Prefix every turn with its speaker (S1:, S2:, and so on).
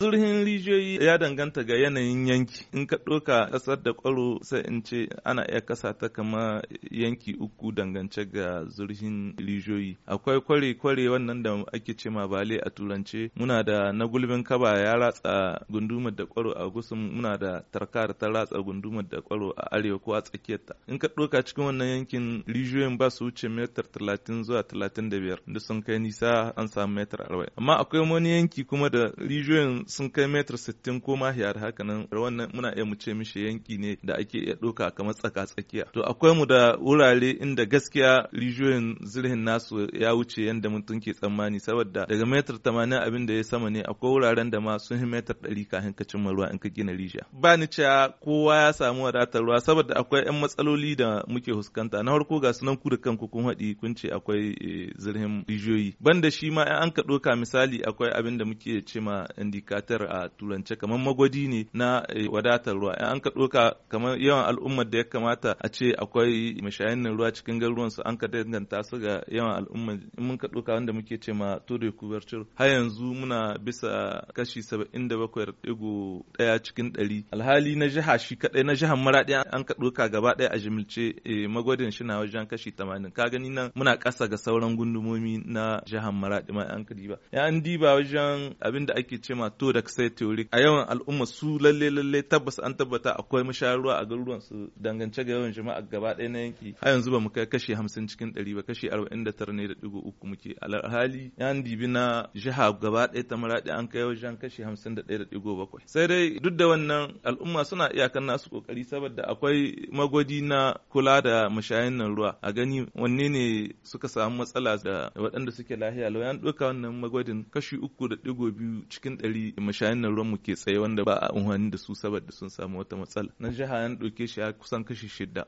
S1: Zurhin rijiyoyi ya danganta ga yanayin yanki. In ka ɗoka ƙasar da ƙwaro sai in ce ana iya ƙasa ta kama yanki uku dangance ga zurhin rijiyoyi. Akwai kware-kware wannan da ake ce ma bale a turance. Muna da na gulbin kaba ya ratsa gundumar da ƙwaro a gusun muna da tarkar ta ratsa gundumar da ƙwaro a arewa ko a tsakiyarta. In ka ɗoka cikin wannan yankin rijiyoyin ba su wuce metar talatin zuwa talatin da biyar. Da sun kai nisa an samu metar arba'in. Amma akwai wani yanki kuma da rijiyoyin sun kai metar sittin ko mahiyar haka nan wannan muna iya mu ce mishi yanki ne da ake iya doka kamar tsaka tsakiya to akwai mu da wurare inda gaskiya rijiyoyin zirhin nasu ya wuce yadda mutum ke tsammani saboda daga metar tamanin abin da ya sama ne akwai wuraren da ma sun yi metar ɗari kafin ka cimma ruwa in ka gina rijiya ba ni cewa kowa ya samu wadatar ruwa saboda akwai 'yan matsaloli da muke huskanta na farko ga sunan ku da kanku kun haɗi kun ce akwai eh, zirhin rijiyoyi banda shi ma an ka doka misali akwai abin da muke ce ma indika bukatar a turance kamar magwaji ne na e, wadatar ruwa an ka ɗauka kamar yawan al'ummar da ya kamata a ce akwai mashayannin ruwa cikin garuruwan su an ka danganta su ga yawan al'ummar in mun ka ɗauka wanda muke ce ma todo kubarcin har yanzu muna bisa kashi saba'in da bakwai ɗigo ɗaya cikin ɗari alhali na jiha shi kaɗai na jihar maraɗi an ka ɗauka gaba ɗaya a jimilce e, magwadin shi na wajen kashi tamanin ka gani nan muna ƙasa ga sauran gundumomi na jihar maraɗi ma an ka diba ya an diba wajen abin da ake ce ma fito da sai teori a yawan al'umma su lalle lalle tabbas an tabbata akwai musharuwa a garuruwan su dangance ga yawan jama'a gaba ɗaya na yanki a yanzu ba mu kai kashi hamsin cikin ɗari ba kashi arba'in da tara ne da ɗigo uku muke alhali yan dibi na jiha gaba ɗaya ta maraɗi an kai wajen kashi hamsin da ɗaya da ɗigo bakwai sai dai duk da wannan al'umma suna iyakan nasu kokari saboda akwai magwadi na kula da mashayin nan ruwa a gani wanne ne suka samu matsala da waɗanda suke lahiya lauyan ɗauka wannan magwadin kashi uku da ɗigo biyu cikin ɗari mashayin na ruwan mu ke tsaye wanda ba a unhani da su saboda sun samu wata matsala na jiha an ɗauke shi a kusan kashi shida